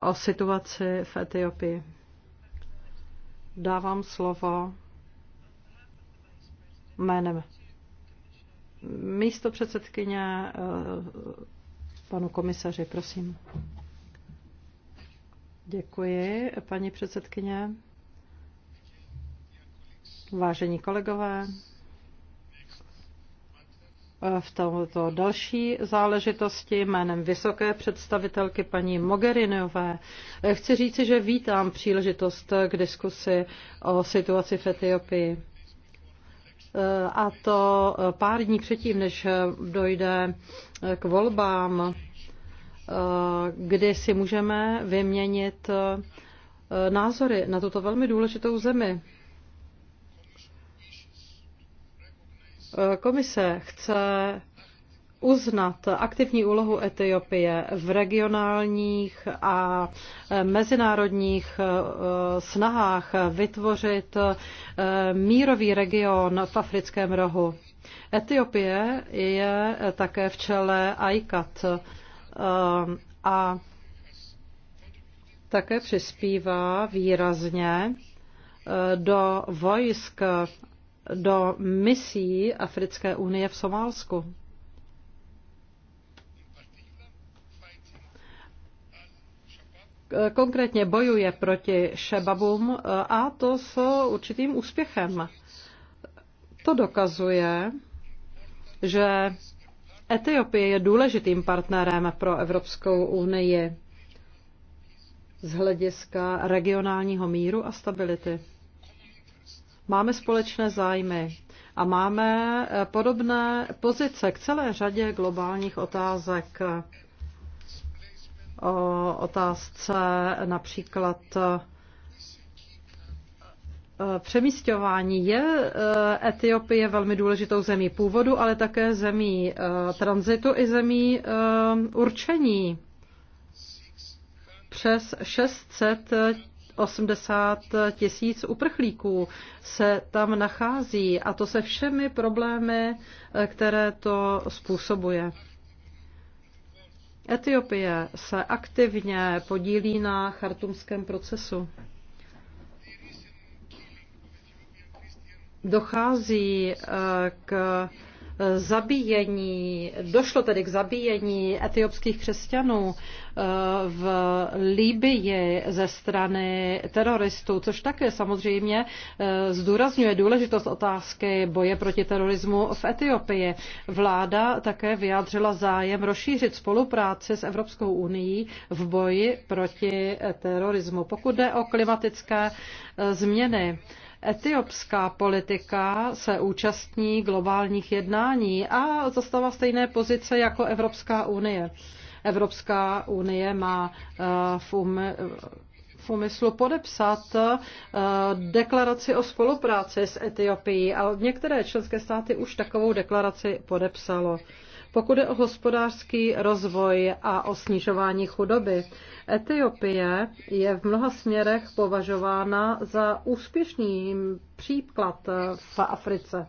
o situaci v Etiopii. Dávám slovo jménem místo předsedkyně eh, panu komisaři, prosím. Děkuji, paní předsedkyně. Vážení kolegové, v této další záležitosti jménem vysoké představitelky paní Mogherinové. Chci říci, že vítám příležitost k diskusi o situaci v Etiopii. A to pár dní předtím, než dojde k volbám, kdy si můžeme vyměnit názory na tuto velmi důležitou zemi. Komise chce uznat aktivní úlohu Etiopie v regionálních a mezinárodních eh, snahách vytvořit eh, mírový region v africkém rohu. Etiopie je také v čele ICAT eh, a také přispívá výrazně do vojsk do misí Africké unie v Somálsku. Konkrétně bojuje proti šebabům a to s určitým úspěchem. To dokazuje, že Etiopie je důležitým partnerem pro Evropskou unii z hlediska regionálního míru a stability. Máme společné zájmy a máme eh, podobné pozice k celé řadě globálních otázek. O otázce například eh, Přemístování je eh, Etiopie velmi důležitou zemí původu, ale také zemí tranzitu i zemí určení. Přes 600 80 tisíc uprchlíků se tam nachází a to se všemi problémy, které to způsobuje. Etiopie se aktivně podílí na chartumském procesu. Dochází eh, k zabíjení, došlo tedy k zabíjení etiopských křesťanů eh, v Líbyi ze strany teroristů, což také samozřejmě eh, zdůrazňuje důležitost otázky boje proti terorismu v Etiopii. Vláda také vyjádřila zájem rozšířit spolupráci s Evropskou unii v boji proti terorismu. Pokud jde o klimatické eh, změny, Etiopská politika se účastní globálních jednání a zastává stejné pozice jako Evropská unie. Evropská unie má eh, v, um, v umyslu podepsat eh, deklaraci o spolupráci s Etiopií a některé členské státy už takovou deklaraci podepsalo. Pokud je o hospodářský rozvoj a o snižování chudoby, Etiopie je v mnoha směrech považována za úspěšný příklad v Africe.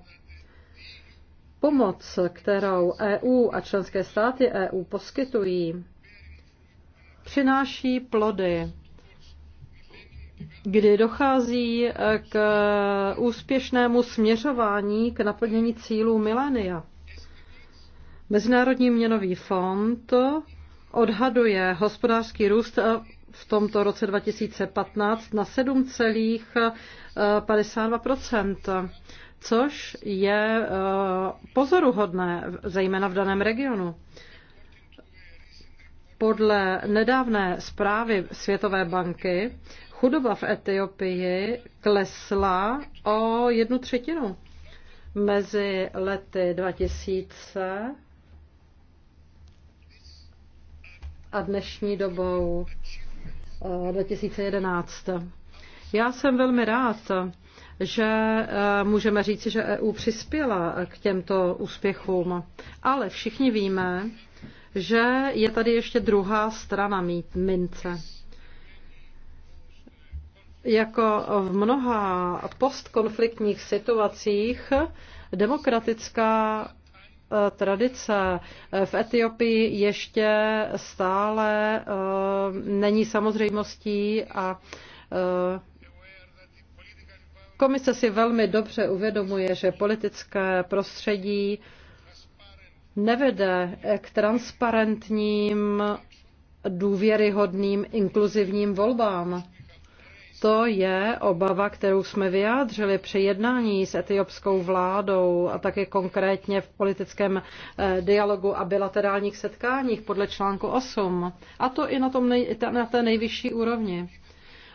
Pomoc, kterou EU a členské státy EU poskytují, přináší plody, kdy dochází k úspěšnému směřování k naplnění cílů milénia. Mezinárodní měnový fond odhaduje hospodářský růst v tomto roce 2015 na 7,52 což je eh, pozoruhodné, zejména v daném regionu. Podle nedávné zprávy Světové banky chudoba v Etiopii klesla o jednu třetinu mezi lety 2000 a dnešní dobou 2011. Eh, Já jsem velmi rád, že eh, můžeme říci, že EU přispěla k těmto úspěchům, ale všichni víme, že je tady ještě druhá strana mít mince. Jako v mnoha postkonfliktních situacích demokratická Eh, tradice eh, v Etiopii ještě stále eh, není samozřejmostí a komise si velmi dobře uvědomuje, že politické prostředí nevede k transparentním, důvěryhodným, inkluzivním volbám. To je obava, kterou jsme vyjádřili při jednání s etiopskou vládou a také konkrétně v politickém eh, dialogu a bilaterálních setkáních podle článku 8. A to i na, tom nej, na té nejvyšší úrovni.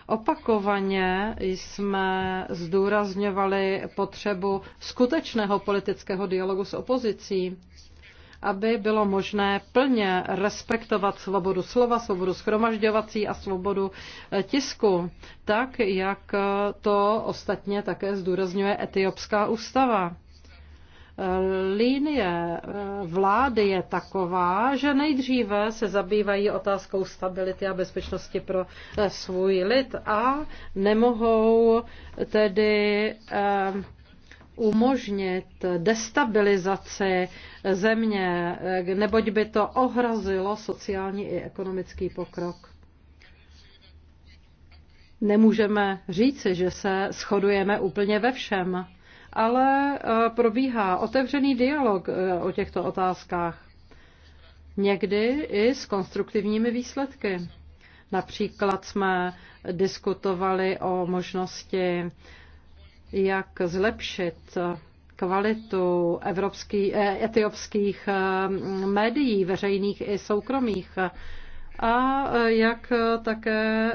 Opakovaně jsme zdůrazňovali potřebu skutečného politického dialogu s opozicí aby bylo možné plně respektovat svobodu slova, svobodu schromažďovací a svobodu eh, tisku, tak jak eh, to ostatně také zdůrazňuje etiopská ústava eh, Línie vlády je taková, že nejdříve se zabývají otázkou stability a bezpečnosti pro svůj lid a nemohou tedy umožnit destabilizaci země, neboť by to ohrozilo sociální i ekonomický pokrok. Nemůžeme říci, že se shodujeme úplně ve všem, ale eh, probíhá otevřený dialog eh, o těchto otázkách. Někdy i s konstruktivními výsledky. Například jsme diskutovali o možnosti jak zlepšit kvalitu evropský, eh, etiopských eh, médií, veřejných i soukromých, a eh, jak také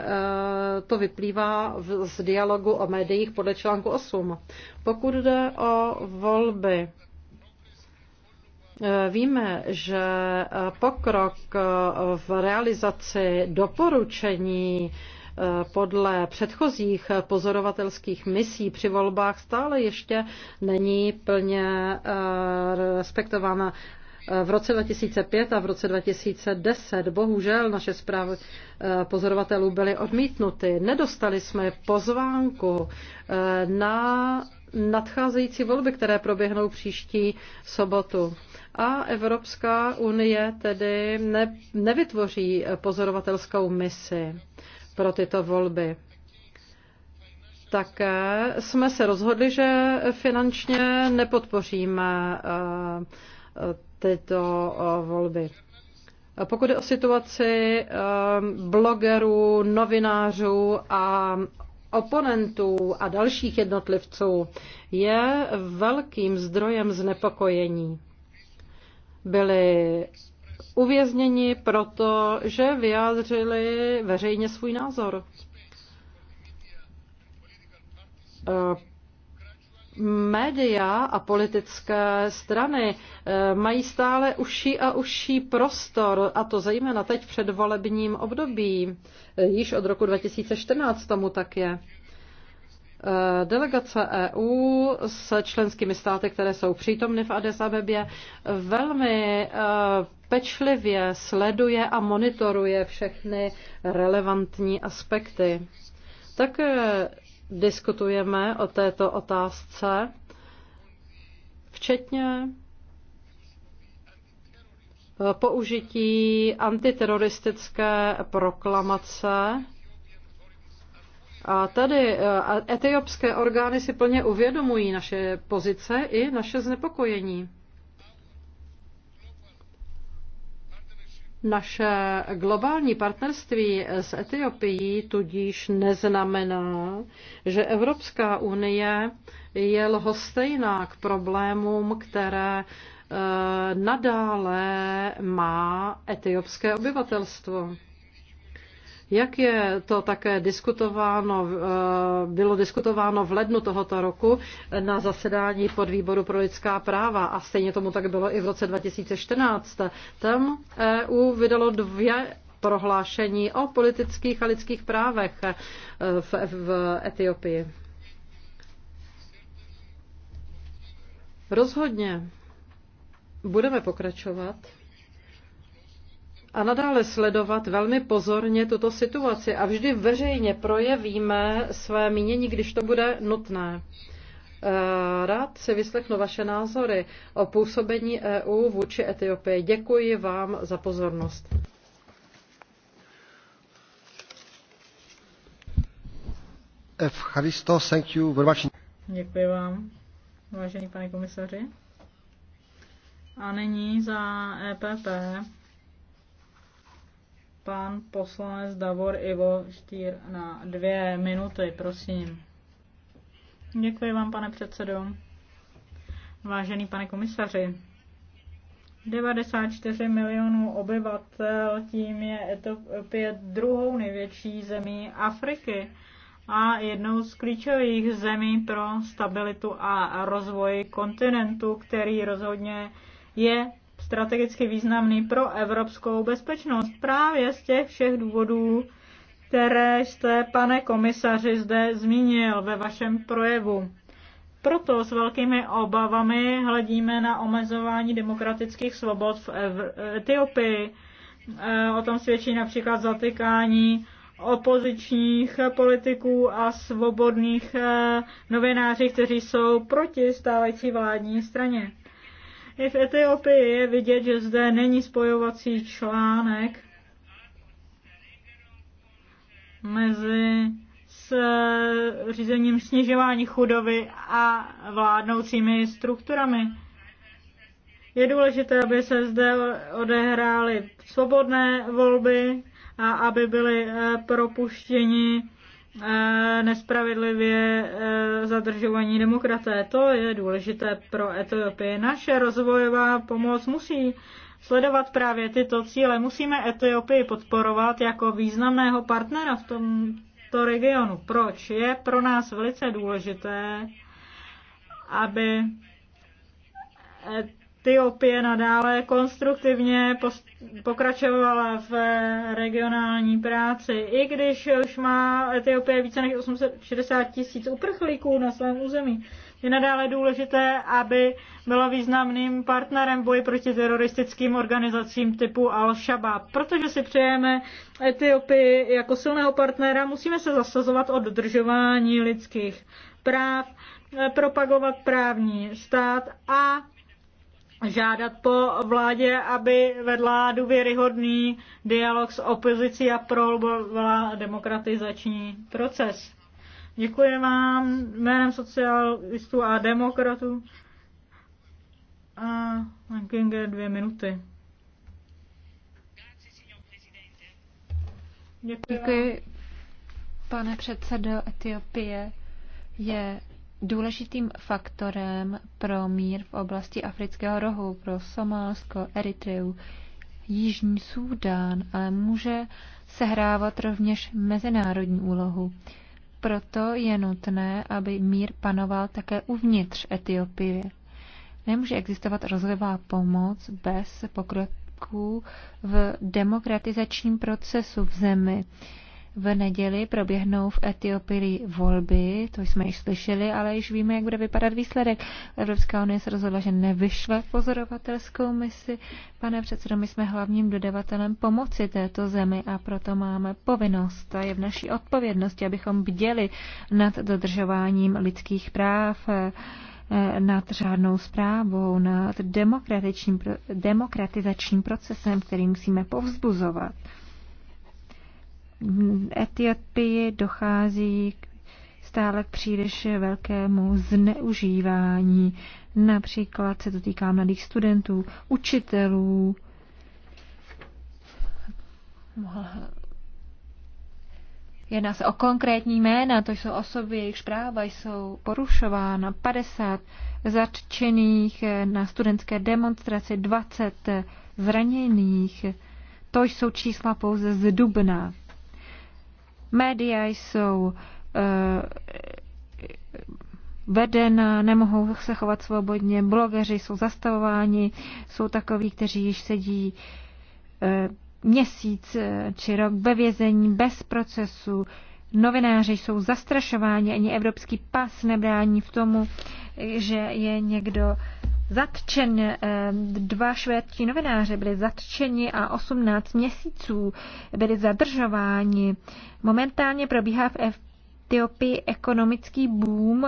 to vyplývá z dialogu o médiích podle článku 8. Pokud jde o volby, Víme, že pokrok v realizaci doporučení podle předchozích pozorovatelských misí při volbách stále ještě není plně eh, respektována v roce 2005 a v roce 2010. Bohužel naše zprávy eh, pozorovatelů byly odmítnuty. Nedostali jsme pozvánku eh, na nadcházející volby, které proběhnou příští sobotu. A Evropská unie tedy ne, nevytvoří pozorovatelskou misi pro tyto volby. Také jsme se rozhodli, že finančně nepodpoříme eh, tyto eh, volby. Pokud je o situaci eh, blogerů, novinářů a oponentů a dalších jednotlivců, je velkým zdrojem znepokojení. Byly uvězněni proto, že vyjádřili veřejně svůj názor. Eh, média a politické strany eh, mají stále uší a uší prostor, a to zejména teď před volebním období. Eh, již od roku 2014 tomu tak je. Eh, delegace EU s členskými státy, které jsou přítomny v Addis Abebě, velmi eh, pečlivě sleduje a monitoruje všechny relevantní aspekty. Tak diskutujeme o této otázce, včetně eh, použití antiteroristické proklamace a tady eh, etiopské orgány si plně uvědomují naše pozice i naše znepokojení. Naše globální partnerství s Etiopií tudíž neznamená, že Evropská unie je lhostejná k problémům, které eh, nadále má etiopské obyvatelstvo. Jak je to také diskutováno, eh, bylo diskutováno v lednu tohoto roku na zasedání podvýboru pro lidská práva a stejně tomu tak bylo i v roce 2014. Tam EU vydalo dvě prohlášení o politických a lidských právech eh, v, v Etiopii. Rozhodně budeme pokračovat a nadále sledovat velmi pozorně tuto situaci a vždy veřejně projevíme své mínění, když to bude nutné. E, rád si vyslechnu vaše názory o působení EU vůči Etiopii. Děkuji vám za pozornost. Evcharisto, thank you very much. Děkuji vám, vážený pane komisaři. A nyní za EPP pan poslanec Davor Ivo Štír na dvě minuty, prosím. Děkuji vám, pane předsedo. Vážený pane komisaři, 94 milionů obyvatel, tím je Etiopie druhou největší zemí Afriky a jednou z klíčových zemí pro stabilitu a rozvoj kontinentu, který rozhodně je strategicky významný pro evropskou bezpečnost. Právě z těch všech důvodů, které jste, pane komisaři, zde zmínil ve vašem projevu. Proto s velkými obavami hledíme na omezování demokratických svobod v Etiopii. E, o tom svědčí například zatykání opozičních politiků a svobodných e, novináři, kteří jsou proti stávající vládní straně. I v Etiopii je vidět, že zde není spojovací článek mezi s řízením snižování chudoby a vládnoucími strukturami. Je důležité, aby se zde odehrály svobodné volby a aby byly eh, propuštěni Eh, nespravedlivě eh, zadržovaní demokraté. To je důležité pro Etiopii. Naše rozvojová pomoc musí sledovat právě tyto cíle. Musíme Etiopii podporovat jako významného partnera v tomto regionu. Proč? Je pro nás velice důležité, aby Etiopie nadále konstruktivně pokračovala v regionální práci. I když už má Etiopie více než 860 tisíc uprchlíků na svém území, je nadále důležité, aby byla významným partnerem boji proti teroristickým organizacím typu Al-Shabaab. Protože si přejeme Etiopii jako silného partnera, musíme se zasazovat o dodržování lidských práv, propagovat právní stát a žádat po vládě, aby vedla důvěryhodný dialog s opozicí a prohlubovala demokratizační proces. Děkuji vám jménem socialistů a demokratů. A Lankinger dvě minuty. Děkuji. Děkuji. Pane předsedo, Etiopie je důležitým faktorem pro mír v oblasti Afrického rohu, pro Somálsko, Eritreu, Jižní Súdán, ale může sehrávat rovněž mezinárodní úlohu. Proto je nutné, aby mír panoval také uvnitř Etiopie. Nemůže existovat rozvojová pomoc bez pokroků v demokratizačním procesu v zemi. V neděli proběhnou v Etiopii volby, to jsme již slyšeli, ale již víme, jak bude vypadat výsledek. Evropská unie se rozhodla, že nevyšle pozorovatelskou misi. Pane předsedo, my jsme hlavním dodavatelem pomoci této zemi a proto máme povinnost a je v naší odpovědnosti, abychom bděli nad dodržováním lidských práv eh, nad řádnou zprávou, nad demokratizačním procesem, který musíme povzbuzovat v Etiopii dochází k stále k příliš velkému zneužívání. Například se to týká mladých studentů, učitelů. Jedná se o konkrétní jména, to jsou osoby, jejichž práva jsou porušována. 50 zatčených na studentské demonstraci, 20 zraněných. To jsou čísla pouze z Dubna. Média jsou eh, vedena, nemohou se chovat svobodně, blogeři jsou zastavováni, jsou takoví, kteří již sedí eh, měsíc eh, či rok ve vězení bez procesu, novináři jsou zastrašováni, ani evropský pas nebrání v tomu, že je někdo zatčen, eh, dva švédští novináři byli zatčeni a 18 měsíců byli zadržováni. Momentálně probíhá v Etiopii ekonomický boom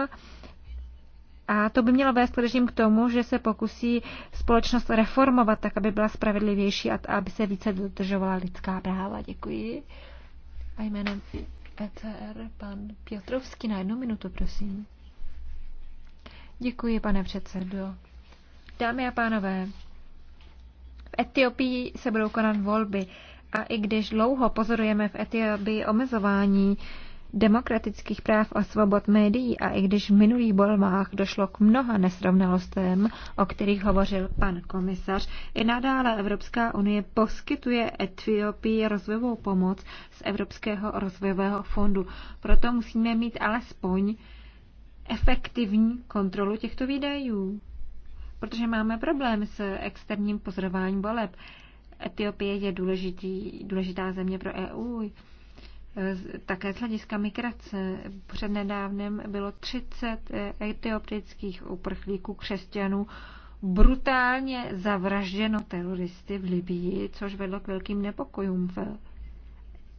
a to by mělo vést především k tomu, že se pokusí společnost reformovat tak, aby byla spravedlivější a aby se více dodržovala lidská práva. Děkuji. A jménem ECR pan Piotrovský na jednu minutu, prosím. Děkuji, pane předsedo. Dámy a pánové, v Etiopii se budou konat volby a i když dlouho pozorujeme v Etiopii omezování demokratických práv a svobod médií a i když v minulých volbách došlo k mnoha nesrovnalostem, o kterých hovořil pan komisař, i nadále Evropská unie poskytuje Etiopii rozvojovou pomoc z Evropského rozvojového fondu. Proto musíme mít alespoň efektivní kontrolu těchto výdajů protože máme problém s externím pozorováním voleb. Etiopie je důležitý, důležitá země pro EU. Také z hlediska migrace. nedávnem bylo 30 eh, etiopických uprchlíků křesťanů brutálně zavražděno teroristy v Libii, což vedlo k velkým nepokojům v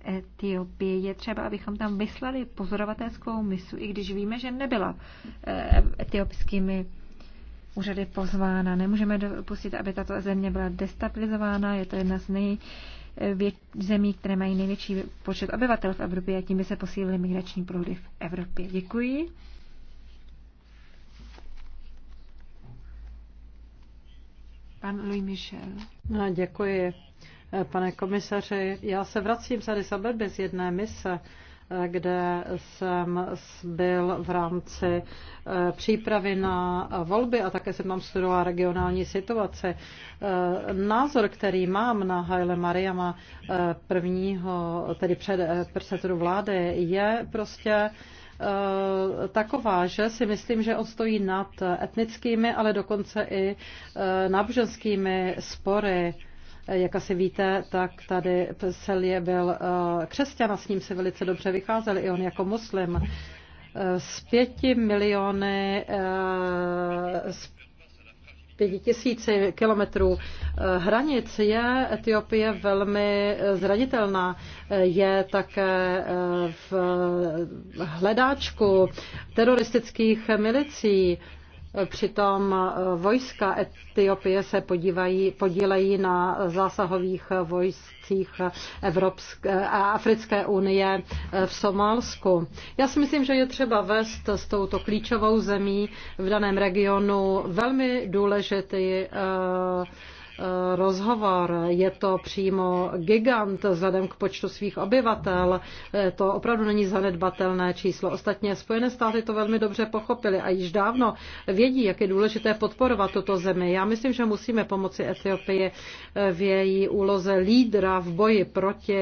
Etiopii. Je třeba, abychom tam vyslali pozorovatelskou misu, i když víme, že nebyla eh, etiopskými úřady pozvána. Nemůžeme dopustit, aby tato země byla destabilizována. Je to jedna z nej zemí, které mají největší počet obyvatel v Evropě a tím by se posílili migrační proudy v Evropě. Děkuji. Pan Louis Michel. No, děkuji, pane komisaři. Já se vracím z Addis bez jedné mise kde jsem byl v rámci eh, přípravy na volby a také jsem tam studovala regionální situace. Eh, názor, který mám na Haile Mariama eh, prvního, tedy před, předsedu vlády, je prostě taková, že si myslím, že on stojí nad etnickými, ale dokonce i náboženskými spory jak asi víte, tak tady Selje byl eh, křesťan a s ním se velice dobře vycházel i on jako muslim. Z eh, pěti miliony, z eh, pěti tisíci kilometrů hranic je Etiopie velmi zranitelná. Je také v hledáčku teroristických milicí Přitom eh, vojska Etiopie se podívají, podílejí na zásahových vojscích Evropské, eh, a Africké unie eh, v Somálsku. Já si myslím, že je třeba vést s touto klíčovou zemí v daném regionu velmi důležitý rozhovor. Je to přímo gigant vzhledem k počtu svých obyvatel. Eh, to opravdu není zanedbatelné číslo. Ostatně Spojené státy to velmi dobře pochopili a již dávno vědí, jak je důležité podporovat tuto zemi. Já myslím, že musíme pomoci Etiopii eh, v její úloze lídra v boji proti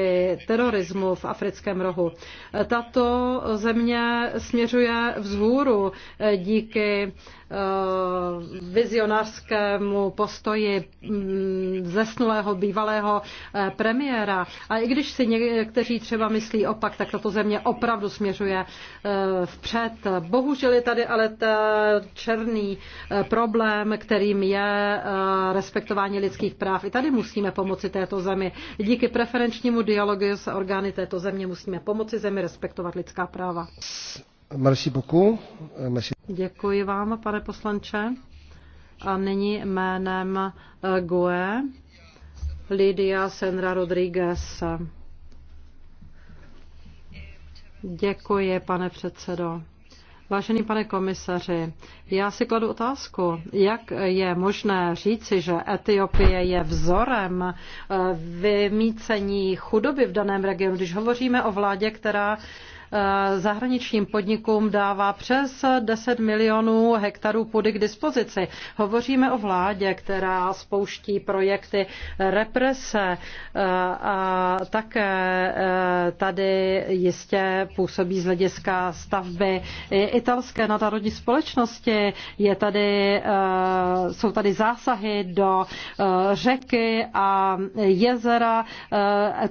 terorismu v africkém rohu. Eh, tato země směřuje vzhůru díky Eh, vizionářskému postoji mm, zesnulého bývalého eh, premiéra. A i když si někteří třeba myslí opak, tak tato země opravdu směřuje eh, vpřed. Bohužel je tady ale ten černý problém, kterým je respektování lidských práv. I tady musíme pomoci této zemi. Díky preferenčnímu dialogu s orgány této země musíme pomoci zemi respektovat lidská práva. Merci beaucoup. Euh, merci. Děkuji vám, pane poslanče. A nyní jménem eh, GUE Lidia Senra Rodriguez. Děkuji, pane předsedo. Vážený pane komisaři, já si kladu otázku, jak je možné říci, že Etiopie je vzorem eh, vymícení chudoby v daném regionu, když hovoříme o vládě, která Eh, zahraničním podnikům dává přes 10 milionů hektarů půdy k dispozici. Hovoříme o vládě, která spouští projekty represe eh, a také eh, tady jistě působí z hlediska stavby italské národní společnosti. Je tady, jsou tady zásahy do řeky a jezera,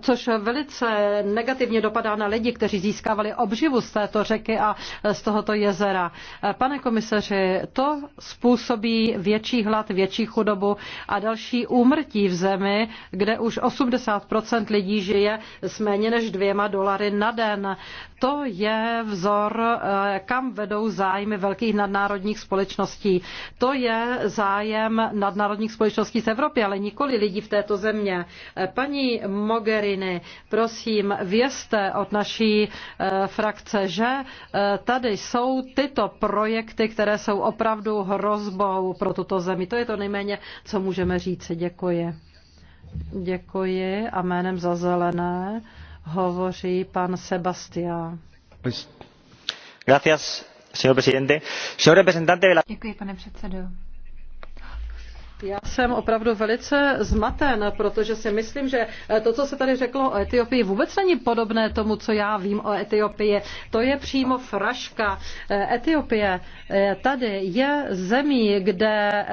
což velice negativně dopadá na lidi, kteří získávali získali obživu z této řeky a z tohoto jezera. Pane komisaři, to způsobí větší hlad, větší chudobu a další úmrtí v zemi, kde už 80% lidí žije s méně než dvěma dolary na den. To je vzor, eh, kam vedou zájmy velkých nadnárodních společností. To je zájem nadnárodních společností z Evropy, ale nikoli lidí v této země. Eh, paní Mogherini, prosím, vězte od naší eh, frakce, že eh, tady jsou tyto projekty, které jsou opravdu hrozbou pro tuto zemi. To je to nejméně, co můžeme říct. Děkuji. Děkuji a jménem za zelené hovoří pan Sebastián. Gracias, señor presidente. Soy representante de la... Děkuji, pane předsedo. Já jsem opravdu velice zmaten, protože si myslím, že eh, to, co se tady řeklo o Etiopii, vůbec není podobné tomu, co já vím o Etiopii. To je přímo fraška. Eh, Etiopie eh, tady je zemí, kde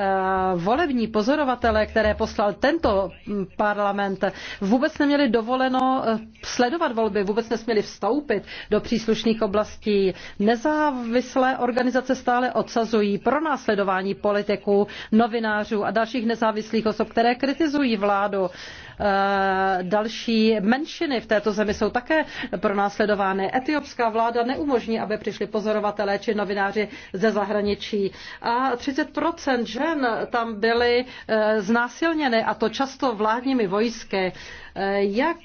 volební pozorovatele, které poslal tento hm, parlament, vůbec neměli dovoleno sledovat volby, vůbec nesměli vstoupit do příslušných oblastí. Nezávislé organizace stále odsazují pro následování politiků, novinářů a dalších nezávislých osob, které kritizují vládu. Eh, další menšiny v této zemi jsou také pronásledovány. Etiopská vláda neumožní, aby přišli pozorovatelé či novináři ze zahraničí. A 30% žen tam byly eh, znásilněny a to často vládními vojsky. Eh, jak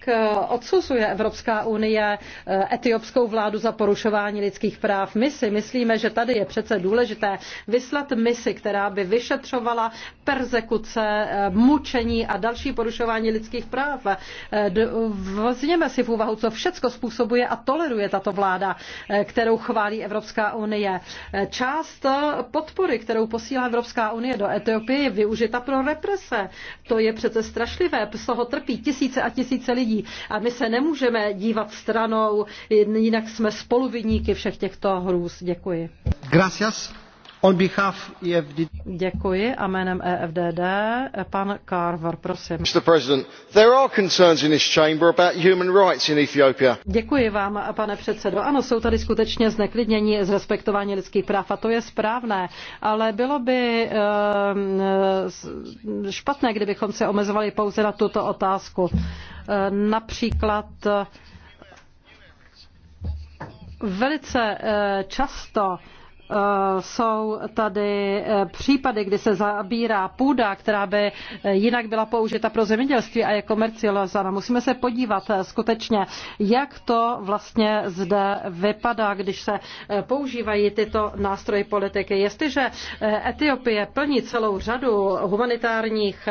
odsuzuje Evropská unie etiopskou vládu za porušování lidských práv? My si myslíme, že tady je přece důležité vyslat misi, která by vyšetřovala persekuce, mučení a další porušování lidských lidských práv. E, Vzněme si v úvahu, co všecko způsobuje a toleruje tato vláda, e, kterou chválí Evropská unie. E, část podpory, kterou posílá Evropská unie do Etiopie, je využita pro represe. To je přece strašlivé. Z toho trpí tisíce a tisíce lidí. A my se nemůžeme dívat stranou, jinak jsme spoluviníky všech těchto hrůz. Děkuji. Gracias. E Děkuji a jménem EFDD pan Carver, prosím. Mr. President, there are concerns in this chamber about human rights in Ethiopia. Děkuji vám, pane předsedo. Ano, jsou tady skutečně zneklidnění z respektování lidských práv a to je správné, ale bylo by ehm, špatné, kdybychom se omezovali pouze na tuto otázku. Eh, například eh, velice eh, často Eh, jsou tady eh, případy, kdy se zabírá půda, která by eh, jinak byla použita pro zemědělství a je komercializována. Musíme se podívat skutečně, jak to vlastně zde vypadá, když se používají tyto nástroje politiky. Jestliže Etiopie plní celou řadu humanitárních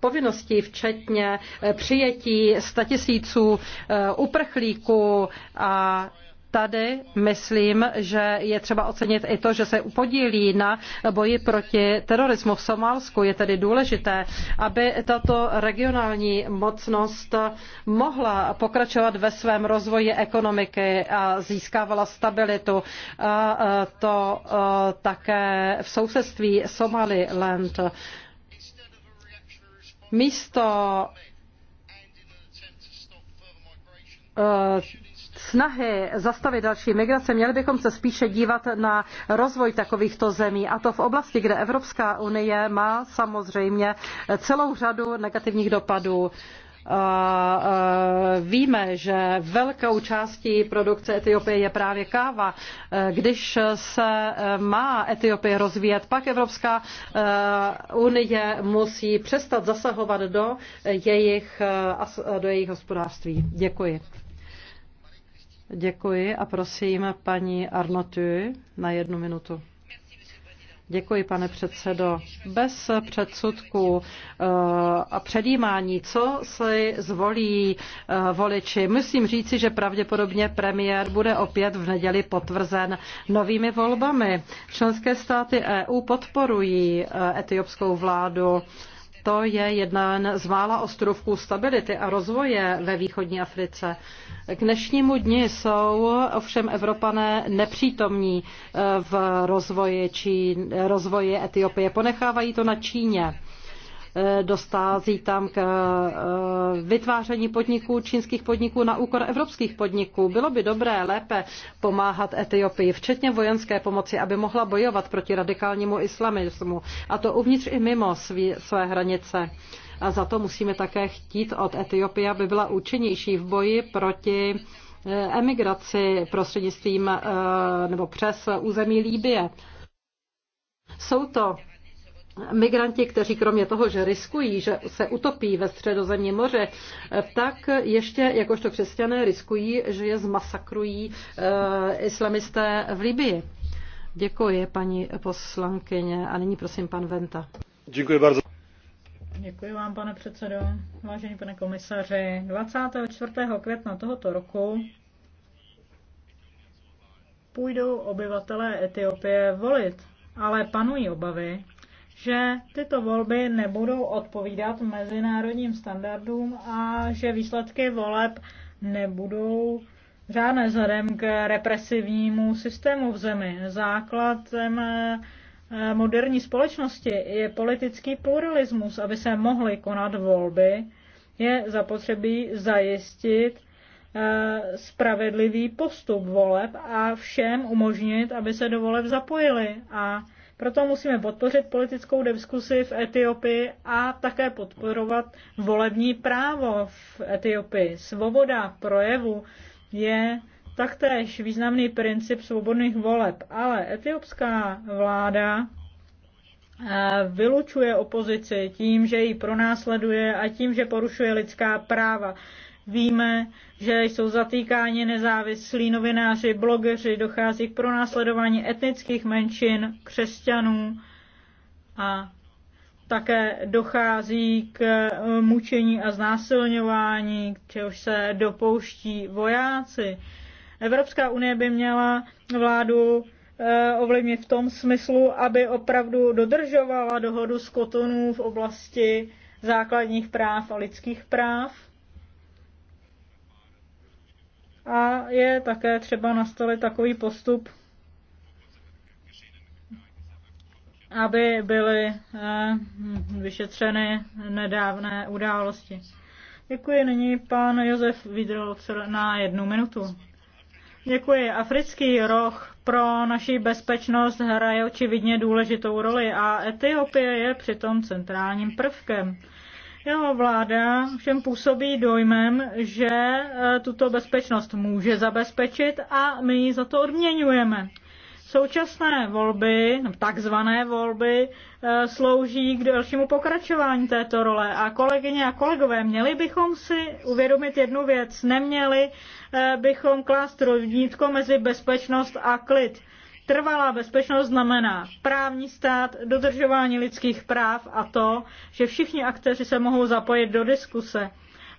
povinností, včetně přijetí statisíců uprchlíků a Tady myslím, že je třeba ocenit i to, že se podílí na boji proti terorismu v Somálsku. Je tedy důležité, aby tato regionální mocnost mohla pokračovat ve svém rozvoji ekonomiky a získávala stabilitu. A to také v sousedství Somaliland. Místo snahy zastavit další migrace, měli bychom se spíše dívat na rozvoj takovýchto zemí. A to v oblasti, kde Evropská unie má samozřejmě celou řadu negativních dopadů. víme, že velkou částí produkce Etiopie je právě káva. Když se e, má Etiopie rozvíjet, pak Evropská e, unie musí přestat zasahovat do jejich, e, do jejich hospodářství. Děkuji. Děkuji a prosím paní Arnotu na jednu minutu. Děkuji, pane předsedo. Bez předsudků eh, a předjímání, co si zvolí eh, voliči, musím říci, že pravděpodobně premiér bude opět v neděli potvrzen novými volbami. Členské státy EU podporují eh, etiopskou vládu to je jeden z mála ostrovků stability a rozvoje ve východní Africe. K dnešnímu dni jsou ovšem Evropané nepřítomní eh, v rozvoji, či rozvoji Etiopie. Ponechávají to na Číně. Eh, dostází tam k eh, vytváření podniků, čínských podniků na úkor evropských podniků. Bylo by dobré lépe pomáhat Etiopii, včetně vojenské pomoci, aby mohla bojovat proti radikálnímu islamismu, a to uvnitř i mimo svý, své hranice. A za to musíme také chtít od Etiopie, aby byla účinnější v boji proti eh, emigraci prostřednictvím nebo přes území Líbie. Jsou to Migranti, kteří kromě toho, že riskují, že se utopí ve středozemní moře, eh, tak ještě jakožto křesťané riskují, že je zmasakrují e, islamisté v Libii. Děkuji, paní poslankyně. A nyní prosím pan Venta. Děkuji bardzo. Děkuji vám, pane předsedo. Vážený pane komisaři, 24. května tohoto roku půjdou obyvatelé Etiopie volit, ale panují obavy, že tyto volby nebudou odpovídat mezinárodním standardům a že výsledky voleb nebudou žádné vzhledem k represivnímu systému v zemi. Základem eh, moderní společnosti je politický pluralismus. Aby se mohly konat volby, je zapotřebí zajistit eh, spravedlivý postup voleb a všem umožnit, aby se do voleb zapojili. A proto musíme podpořit politickou diskusi v Etiopii a také podporovat volební právo v Etiopii. Svoboda projevu je taktéž významný princip svobodných voleb, ale etiopská vláda eh, vylučuje opozici tím, že ji pronásleduje a tím, že porušuje lidská práva. Víme, že jsou zatýkáni nezávislí novináři, blogeři, dochází k pronásledování etnických menšin, křesťanů a také dochází k eh, mučení a znásilňování, čehož se dopouští vojáci. Evropská unie by měla vládu eh, ovlivnit v tom smyslu, aby opravdu dodržovala dohodu z Kotonu v oblasti základních práv a lidských práv a je také třeba nastolit takový postup, aby byly eh, vyšetřeny nedávné události. Děkuji. Nyní pan Josef Vidrol na jednu minutu. Děkuji. Africký roh pro naši bezpečnost hraje očividně důležitou roli a Etiopie je přitom centrálním prvkem. Jeho vláda všem působí dojmem, že e, tuto bezpečnost může zabezpečit a my ji za to odměňujeme. Současné volby, takzvané volby, e, slouží k dalšímu pokračování této role. A kolegyně a kolegové, měli bychom si uvědomit jednu věc. Neměli e, bychom klást rovnítko mezi bezpečnost a klid Trvalá bezpečnost znamená právní stát, dodržování lidských práv a to, že všichni aktéři se mohou zapojit do diskuse.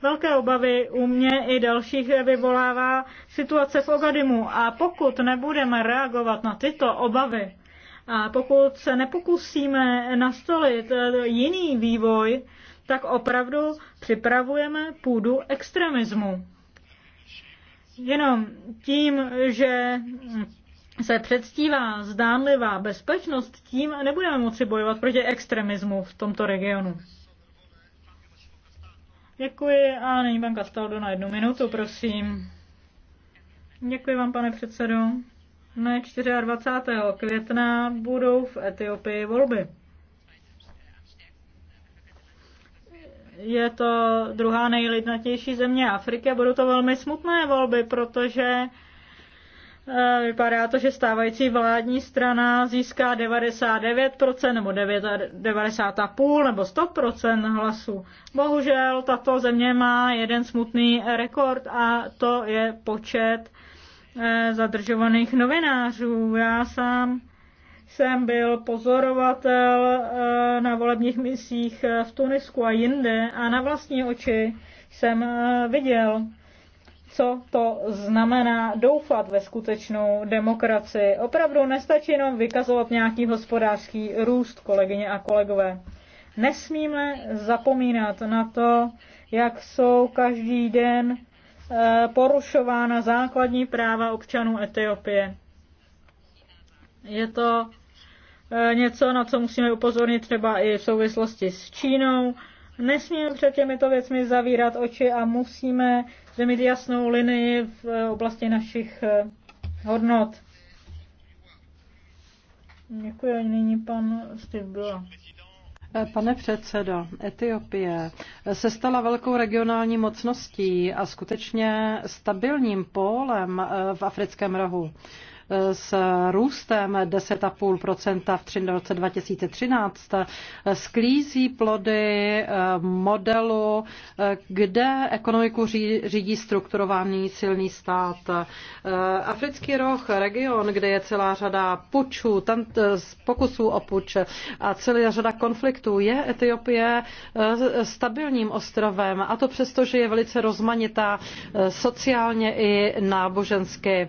Velké obavy u mě i dalších vyvolává situace v Ogadimu a pokud nebudeme reagovat na tyto obavy a pokud se nepokusíme nastolit eh, jiný vývoj, tak opravdu připravujeme půdu extremismu. Jenom tím, že se předstívá zdánlivá bezpečnost, tím nebudeme moci bojovat proti extremismu v tomto regionu. Děkuji a není pan Castaldo na jednu minutu, prosím. Děkuji vám, pane předsedo. Na 24. května budou v Etiopii volby. Je to druhá nejlidnatější země Afriky a budou to velmi smutné volby, protože Eh, vypadá to, že stávající vládní strana získá 99% nebo 90,5 nebo 100% hlasů. Bohužel tato země má jeden smutný rekord a to je počet eh, zadržovaných novinářů. Já sám jsem byl pozorovatel eh, na volebních misích v Tunisku a jinde a na vlastní oči jsem viděl co to znamená doufat ve skutečnou demokracii. Opravdu nestačí jenom vykazovat nějaký hospodářský růst, kolegyně a kolegové. Nesmíme zapomínat na to, jak jsou každý den eh, porušována základní práva občanů Etiopie. Je to eh, něco, na co musíme upozornit třeba i v souvislosti s Čínou, nesmíme před těmito věcmi zavírat oči a musíme zde mít jasnou linii v eh, oblasti našich eh, hodnot. Děkuji, nyní pan Steve Bula. Eh, pane předsedo, Etiopie se stala velkou regionální mocností a skutečně stabilním pólem v africkém rohu s růstem 10,5 v roce 2013 sklízí plody eh, modelu, eh, kde ekonomiku řídí strukturovaný silný stát. Eh, africký roh, region, kde je celá řada pučů, pokusů o puč a celá řada konfliktů, je Etiopie stabilním ostrovem a to přesto, že je velice rozmanitá sociálně i nábožensky.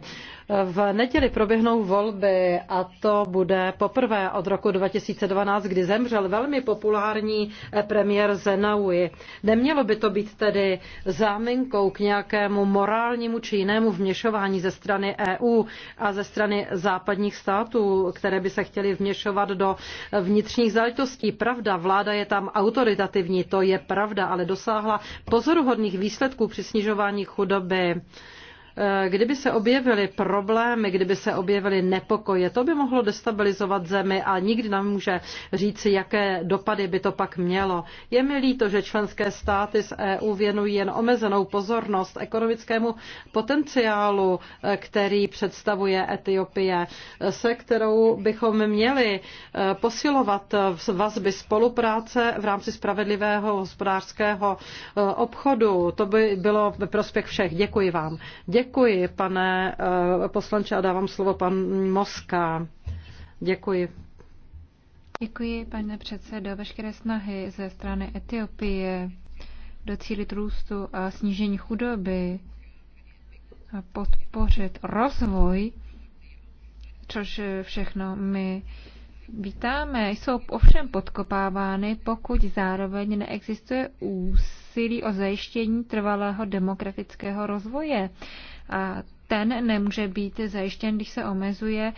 V neděli proběhnou volby a to bude poprvé od roku 2012, kdy zemřel velmi populární eh, premiér Zenaui. Nemělo by to být tedy záminkou k nějakému morálnímu či jinému vměšování ze strany EU a ze strany západních států, které by se chtěly vměšovat do eh, vnitřních záležitostí. Pravda, vláda je tam autoritativní, to je pravda, ale dosáhla pozoruhodných výsledků při snižování chudoby. Eh, kdyby se objevily problémy, kdyby se objevily nepokoje, to by mohlo destabilizovat zemi a nikdy nám může říci, jaké dopady by to pak mělo. Je mi líto, že členské státy z EU věnují jen omezenou pozornost ekonomickému potenciálu, eh, který představuje Etiopie, eh, se kterou bychom měli posilovat vazby spolupráce v rámci spravedlivého hospodářského obchodu. To by bylo ve prospěch všech. Děkuji vám. Děkuji Děkuji, pane eh, poslanče, a dávám slovo pan Moska. Děkuji. Děkuji, pane předsedo. Veškeré snahy ze strany Etiopie docílit růstu a snížení chudoby a podpořit rozvoj, což všechno my vítáme, jsou ovšem podkopávány, pokud zároveň neexistuje úsilí o zajištění trvalého demokratického rozvoje a ten nemůže být zajištěn, když se omezuje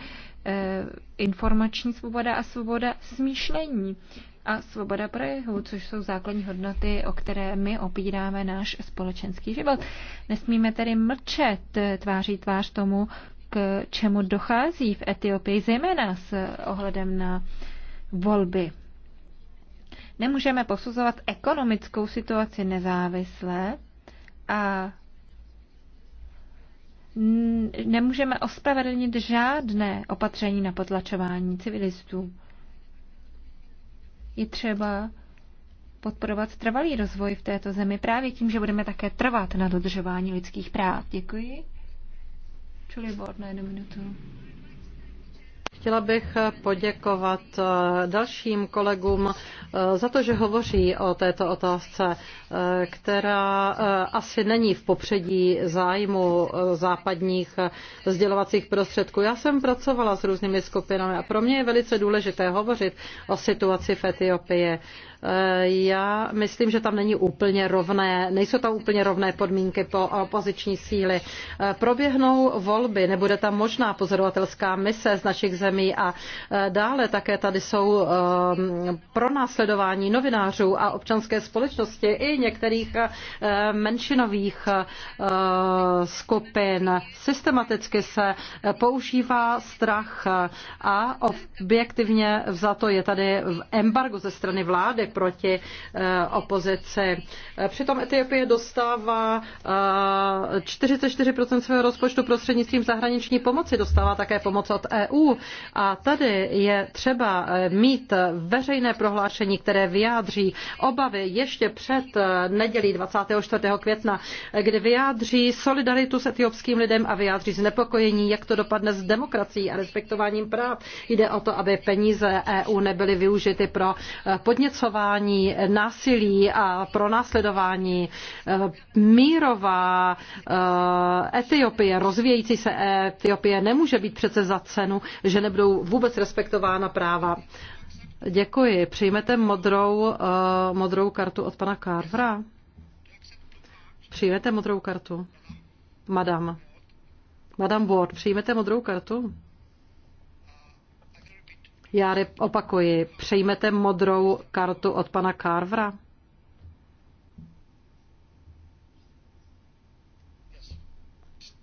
eh, informační svoboda a svoboda smýšlení a svoboda projevu, což jsou základní hodnoty, o které my opíráme náš společenský život. Nesmíme tedy mlčet tváří tvář tomu, k čemu dochází v Etiopii, zejména s ohledem na volby. Nemůžeme posuzovat ekonomickou situaci nezávisle a nemůžeme ospravedlnit žádné opatření na potlačování civilistů. Je třeba podporovat trvalý rozvoj v této zemi právě tím, že budeme také trvat na dodržování lidských práv. Děkuji. Čuli na jednu minutu. Chtěla bych poděkovat eh, dalším kolegům eh, za to, že hovoří o této otázce, eh, která asi není v popředí zájmu západních sdělovacích prostředků. Já jsem pracovala s různými skupinami a pro mě je velice důležité hovořit o situaci v Etiopii. Eh, já myslím, že tam není úplně rovné, nejsou tam úplně rovné podmínky pro opoziční síly. Eh, proběhnou volby, nebude tam možná pozorovatelská mise z našich zemí a eh, dále také tady jsou pronásledování novinářů a občanské společnosti i některých menšinových skupin. Systematicky se používá strach a objektivně vzato je tady embargo ze strany vlády proti eh, opozici. Eh, přitom Etiopie dostává 44% eh, svého rozpočtu prostřednictvím zahraniční pomoci, dostává také pomoc od EU. A tady je třeba mít veřejné prohlášení, které vyjádří obavy ještě před nedělí 24. května, kdy vyjádří solidaritu s etiopským lidem a vyjádří znepokojení, jak to dopadne s demokracií a respektováním práv. Jde o to, aby peníze EU nebyly využity pro podněcování potlačování násilí a pronásledování, eh, mírová eh, Etiopie, rozvíjející se Etiopie nemůže být přece za cenu, že nebudou vůbec respektována práva. Děkuji. Přijmete modrou, eh, modrou kartu od pana Carvera? Přijmete modrou kartu? Madam. Madam Ward, přijmete modrou kartu? Já opakuji, přejmete modrou kartu od pana Carvera?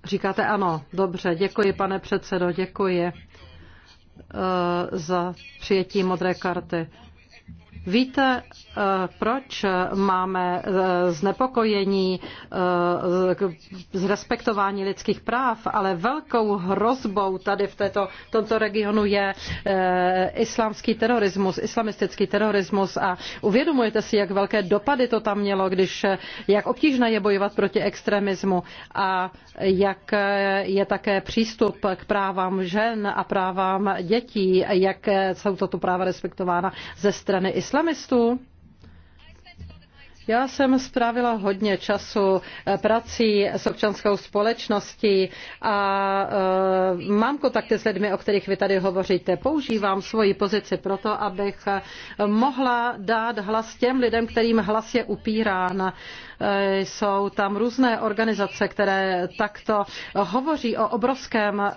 Říkáte ano, dobře, děkuji pane předsedo, děkuji eh, za přijetí modré karty. Víte, eh, proč máme eh, znepokojení eh, z respektování lidských práv, ale velkou hrozbou tady v této, tomto regionu je islámský terorismus, islamistický terorismus a uvědomujete si, jak velké dopady to tam mělo, když jak obtížné je bojovat proti extremismu a jak je také přístup k právám žen a právám dětí, jak jsou toto práva respektována ze strany islámských islamistů? Já jsem strávila hodně času eh, prací s občanskou společností a e, mám kontakty s lidmi, o kterých vy tady hovoříte. Používám svoji pozici proto, abych eh, mohla dát hlas těm lidem, kterým hlas je upírán. E, jsou tam různé organizace, které takto hovoří o obrovském e,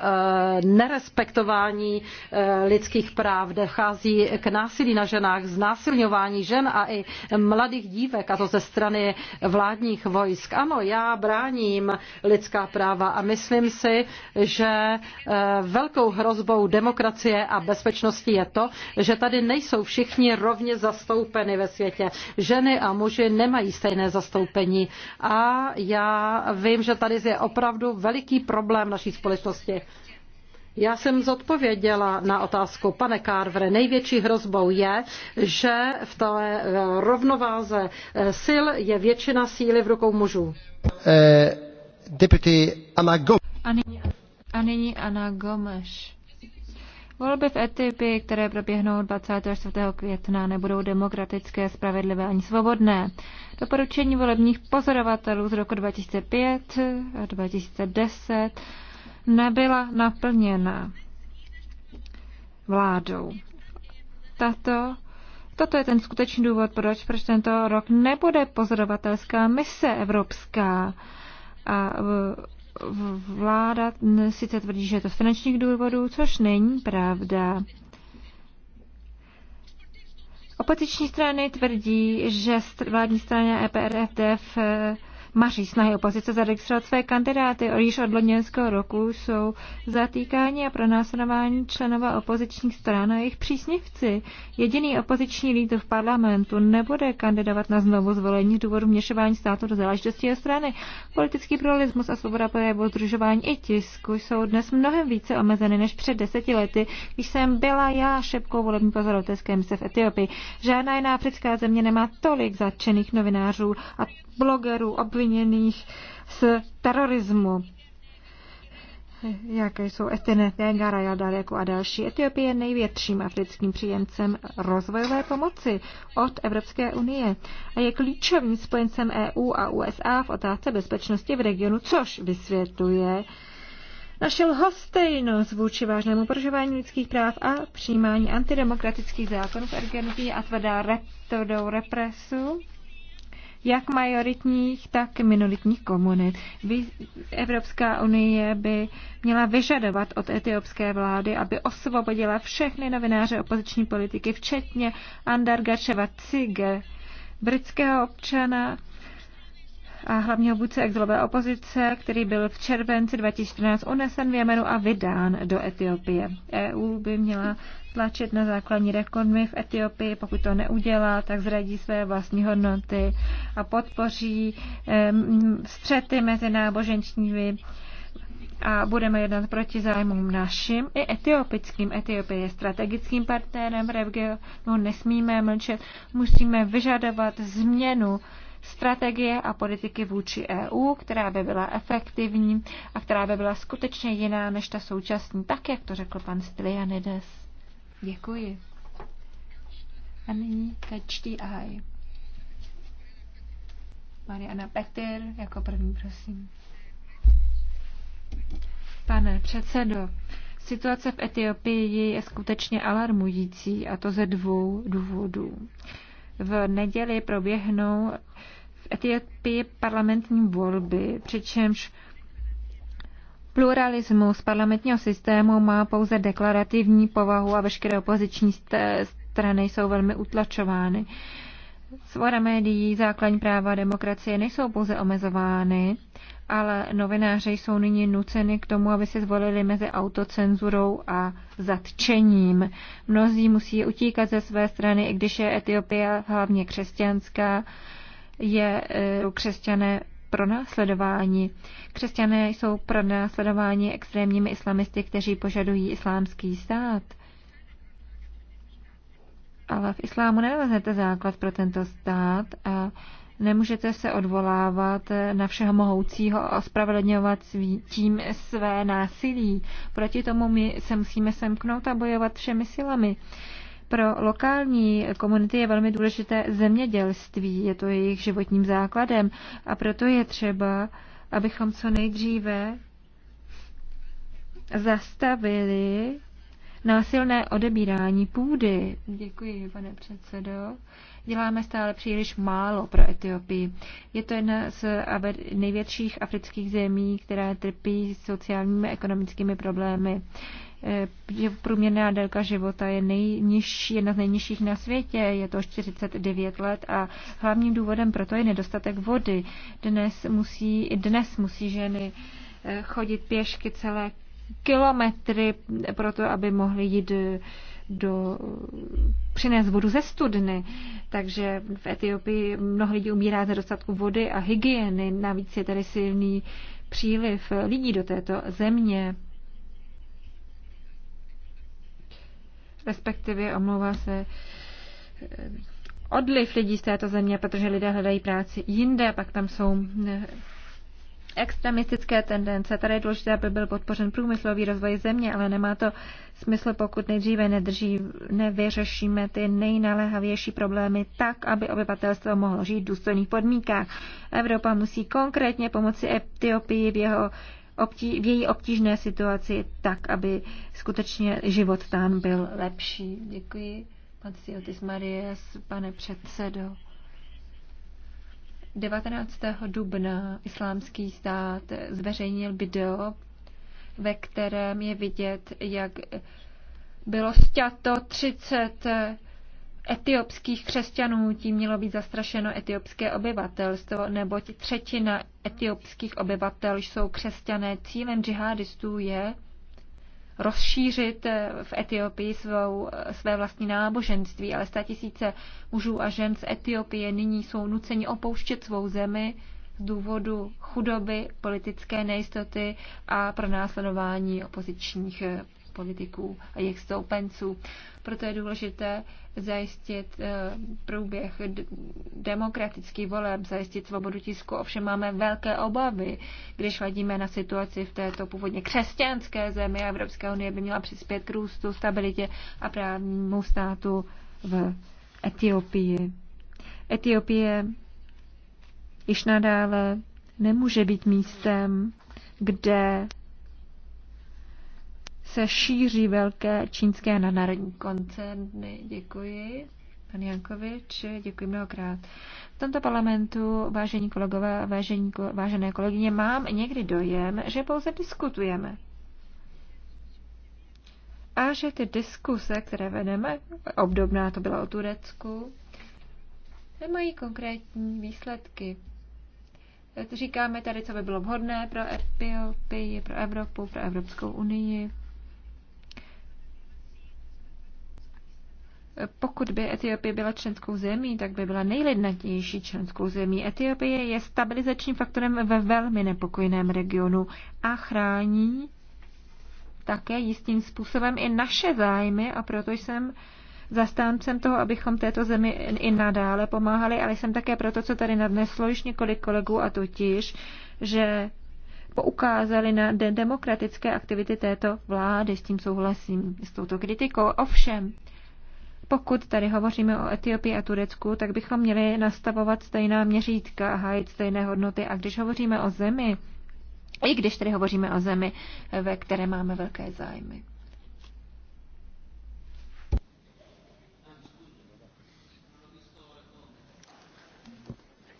nerespektování e, lidských práv. Dochází k násilí na ženách, znásilňování žen a i mladých dívek a to ze strany vládních vojsk. Ano, já bráním lidská práva a myslím si, že eh, velkou hrozbou demokracie a bezpečnosti je to, že tady nejsou všichni rovně zastoupeny ve světě. Ženy a muži nemají stejné zastoupení. A já vím, že tady je opravdu veliký problém naší společnosti. Já jsem zodpověděla na otázku, pane Carvere, největší hrozbou je, že v té eh, rovnováze eh, sil je většina síly v rukou mužů. Eh, Anna Amago. A nyní, a nyní Anna Gomes. Volby v Etiopii, které proběhnou 24. května, nebudou demokratické, spravedlivé ani svobodné. Doporučení volebních pozorovatelů z roku 2005 a 2010 nebyla naplněna vládou. Tato, toto je ten skutečný důvod, proč, proč tento rok nebude pozorovatelská mise evropská. A vláda sice tvrdí, že je to z finančních důvodů, což není pravda. Opoziční strany tvrdí, že vládní strana EPRFDF eh, maří snahy opozice zaregistrovat své kandidáty. Již od loňského roku jsou zatýkání a pronásledování členova opozičních stran a jejich přísnivci. Jediný opoziční lídr v parlamentu nebude kandidovat na znovu zvolení z důvodu měšování státu do záležitosti strany. Politický pluralismus a svoboda projevu, združování i tisku jsou dnes mnohem více omezeny než před deseti lety, když jsem byla já šepkou volební pozorovatelské mise v Etiopii. Žádná jiná africká země nemá tolik zatčených novinářů a blogerů, obviněných obviněných z terorismu jaké jsou Etinete, Garaja, Daleko jako a další. Etiopie je největším africkým příjemcem rozvojové pomoci od Evropské unie a je klíčovým spojencem EU a USA v otázce bezpečnosti v regionu, což vysvětluje naše lhostejnost vůči vážnému porušování lidských práv a přijímání antidemokratických zákonů v Argentině a tvrdá retodou represu jak majoritních, tak minoritních komunit. Evropská unie by měla vyžadovat od etiopské vlády, aby osvobodila všechny novináře opoziční politiky, včetně Andargačeva Cige, britského občana, a hlavního vůdce exilové opozice, který byl v červenci 2014 unesen v Jemenu a vydán do Etiopie. EU by měla stlačit na základní reformy v Etiopii. Pokud to neudělá, tak zradí své vlastní hodnoty a podpoří střety mezi náboženstvími a budeme jednat proti zájmům našim i etiopickým. Etiopie je strategickým partnerem v regionu, nesmíme mlčet, musíme vyžadovat změnu strategie a politiky vůči EU, která by byla efektivní a která by byla skutečně jiná než ta současní, tak jak to řekl pan Stylianides. Děkuji. A nyní kačtí aj. Mariana Petr, jako první, prosím. Pane předsedo, situace v Etiopii je skutečně alarmující, a to ze dvou důvodů. V neděli proběhnou v Etiopii parlamentní volby, přičemž Pluralismus parlamentního systému má pouze deklarativní povahu a veškeré opoziční strany jsou velmi utlačovány. Svoda médií, základní práva demokracie nejsou pouze omezovány, ale novináři jsou nyní nuceni k tomu, aby se zvolili mezi autocenzurou a zatčením. Mnozí musí utíkat ze své strany, i když je Etiopie hlavně křesťanská, je eh, křesťané pronásledováni. Křesťané jsou pronásledováni extrémními islamisty, kteří požadují islámský stát. Ale v islámu nenaleznete základ pro tento stát a nemůžete se odvolávat na všeho mohoucího a spravedlňovat tím své násilí. Proti tomu my se musíme semknout a bojovat všemi silami. Pro lokální komunity je velmi důležité zemědělství, je to jejich životním základem a proto je třeba, abychom co nejdříve zastavili násilné odebírání půdy. Děkuji, pane předsedo. Děláme stále příliš málo pro Etiopii. Je to jedna z největších afrických zemí, která trpí sociálními a ekonomickými problémy. Eh, průměrná délka života je nejnižší, jedna z nejnižších na světě, je to 49 let a hlavním důvodem pro to je nedostatek vody. Dnes musí, dnes musí ženy eh, chodit pěšky celé kilometry proto, aby mohly jít do, přinést vodu ze studny. Takže v Etiopii mnoho lidí umírá z nedostatku vody a hygieny. Navíc je tady silný příliv lidí do této země. respektive omlouvá se eh, odliv lidí z této země, protože lidé hledají práci jinde, pak tam jsou eh, extremistické tendence. Tady je důležité, aby byl podpořen průmyslový rozvoj země, ale nemá to smysl, pokud nejdříve nedrží, nevyřešíme ty nejnaléhavější problémy tak, aby obyvatelstvo mohlo žít v důstojných podmínkách. Evropa musí konkrétně pomoci Etiopii v jeho obtí, v její obtížné situaci tak, aby skutečně život tam byl lepší. Děkuji, pan Siotis Marias, pane předsedo. 19. dubna islámský stát zveřejnil video, ve kterém je vidět, jak bylo sťato 30 etiopských křesťanů, tím mělo být zastrašeno etiopské obyvatelstvo, neboť třetina etiopských obyvatel jsou křesťané. Cílem džihadistů je rozšířit eh, v Etiopii svou, eh, své vlastní náboženství, ale tisíce mužů a žen z Etiopie nyní jsou nuceni opouštět svou zemi z důvodu chudoby, politické nejistoty a pronásledování opozičních eh, politiků a jejich stoupenců. Proto je důležité zajistit eh, průběh demokratický voleb, zajistit svobodu tisku. Ovšem máme velké obavy, když hledíme na situaci v této původně křesťanské zemi a Evropská unie by měla přispět k růstu, stabilitě a právnímu státu v Etiopii. Etiopie již nadále nemůže být místem, kde se šíří velké čínské nadnárodní koncerny. Děkuji. Pan Jankovič, děkuji mnohokrát. V tomto parlamentu, vážení kolegové a vážení, vážené kolegyně, mám někdy dojem, že pouze diskutujeme. A že ty diskuse, které vedeme, obdobná to byla o Turecku, nemají konkrétní výsledky. Říkáme tady, co by bylo vhodné pro Etiopii, pro Evropu, pro Evropskou unii. pokud by Etiopie byla členskou zemí, tak by byla nejlidnatější členskou zemí. Etiopie je stabilizačním faktorem ve velmi nepokojném regionu a chrání také jistým způsobem i naše zájmy a proto jsem zastáncem toho, abychom této zemi i nadále pomáhali, ale jsem také proto, co tady nadneslo již několik kolegů a totiž, že poukázali na demokratické aktivity této vlády. S tím souhlasím, s touto kritikou. Ovšem, pokud tady hovoříme o Etiopii a Turecku, tak bychom měli nastavovat stejná měřítka a hájit stejné hodnoty. A když hovoříme o zemi, i když tady hovoříme o zemi, ve které máme velké zájmy.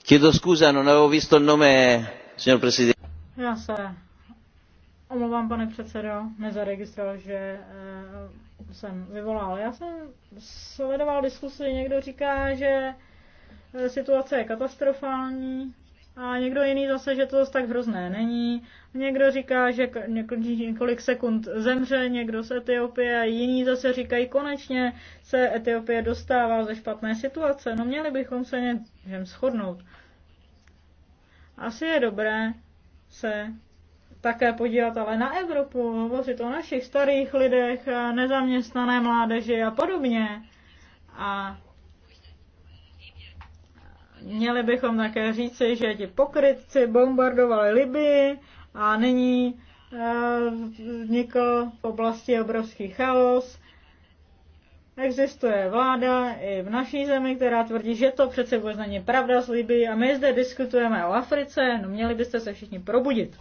Chiedo scusa, non avevo visto il nome, signor Presidente. Já se omlouvám, pane předsedo, nezaregistroval, že eh, jsem vyvolal. Já jsem sledoval diskusi, někdo říká, že e, situace je katastrofální a někdo jiný zase, že to zase tak hrozné není. Někdo říká, že několik sekund zemře někdo z Etiopie a jiní zase říkají, konečně se Etiopie dostává ze špatné situace. No měli bychom se něčem shodnout. Asi je dobré se také podívat ale na Evropu, hovořit o našich starých lidech, nezaměstnané mládeži a podobně. A měli bychom také říci, že ti pokrytci bombardovali Libii a nyní e, vznikl v oblasti obrovský chaos. Existuje vláda i v naší zemi, která tvrdí, že to přece vůbec není pravda z Libii a my zde diskutujeme o Africe, no měli byste se všichni probudit.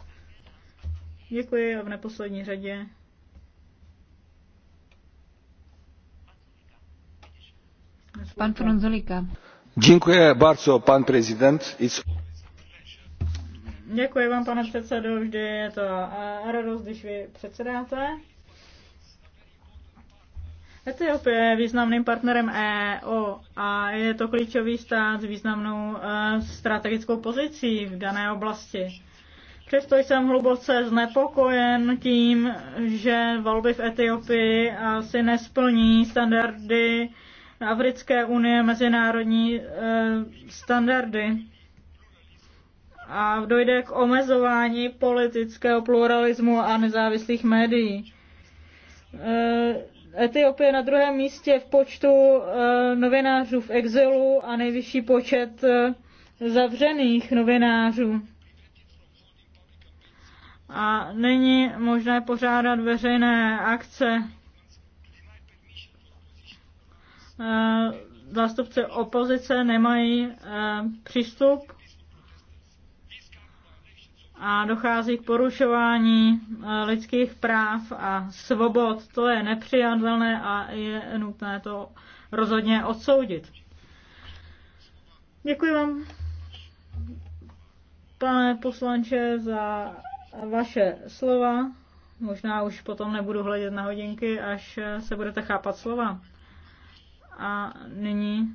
Děkuji a v neposlední řadě Pan Fronzolika. Děkuji bardzo, pan prezident. It's... Děkuji vám, pane předsedo, vždy je to radost, když vy předsedáte. Etiopie je významným partnerem EO a je to klíčový stát s významnou e, strategickou pozicí v dané oblasti. Přesto jsem hluboce znepokojen tím, že volby v Etiopii asi nesplní standardy Africké unie, mezinárodní eh, standardy. A dojde k omezování politického pluralismu a nezávislých médií. Eh, Etiopie na druhém místě v počtu eh, novinářů v exilu a nejvyšší počet zavřených novinářů a není možné pořádat veřejné akce. Eh, zástupci opozice nemají eh, přístup a dochází k porušování eh, lidských práv a svobod. To je nepřijatelné a je nutné to rozhodně odsoudit. Děkuji vám, pane poslanče, za vaše slova. Možná už potom nebudu hledět na hodinky, až se budete chápat slova. A nyní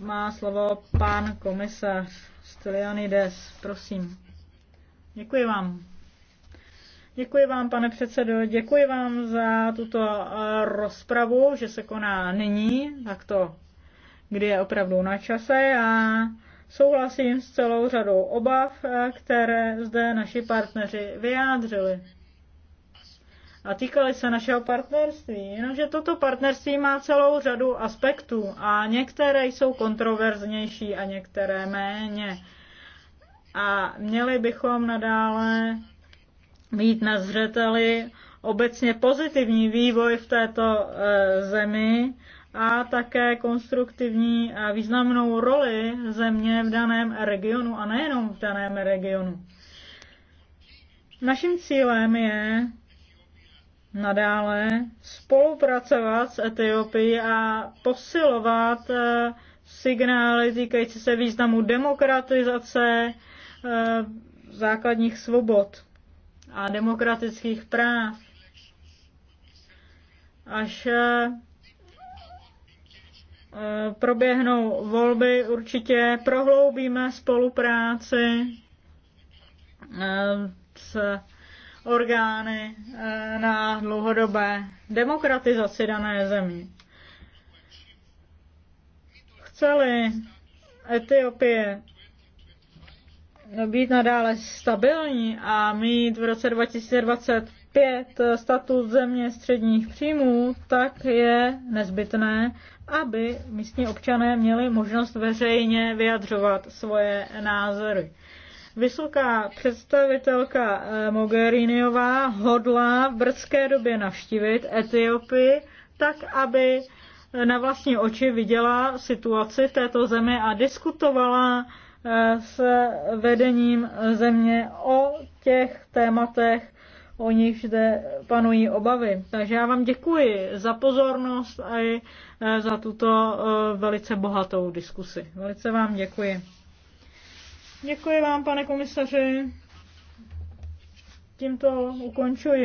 má slovo pan komisař Stylianides. Prosím. Děkuji vám. Děkuji vám, pane předsedo, děkuji vám za tuto eh, rozpravu, že se koná nyní, tak to, kdy je opravdu na čase a Souhlasím s celou řadou obav, eh, které zde naši partneři vyjádřili. A týkali se našeho partnerství, jenomže toto partnerství má celou řadu aspektů a některé jsou kontroverznější a některé méně. A měli bychom nadále mít na zřeteli obecně pozitivní vývoj v této eh, zemi a také konstruktivní a významnou roli země v daném regionu a nejenom v daném regionu. Naším cílem je nadále spolupracovat s Etiopií a posilovat eh, signály týkající se významu demokratizace eh, základních svobod a demokratických práv. Až eh, Eh, proběhnou volby, určitě prohloubíme spolupráci eh, s orgány eh, na dlouhodobé demokratizaci dané země. Chceli Etiopie být nadále stabilní a mít v roce 2020. 5 eh, statut země středních příjmů, tak je nezbytné, aby místní občané měli možnost veřejně vyjadřovat svoje názory. Vysoká představitelka eh, Mogheriniová hodla v brzké době navštívit Etiopii, tak aby eh, na vlastní oči viděla situaci v této zemi a diskutovala s vedením země o těch tématech, o nich zde panují obavy. Takže já vám děkuji za pozornost a i e, za tuto e, velice bohatou diskusi. Velice vám děkuji. Děkuji vám, pane komisaři. Tímto ukončuji.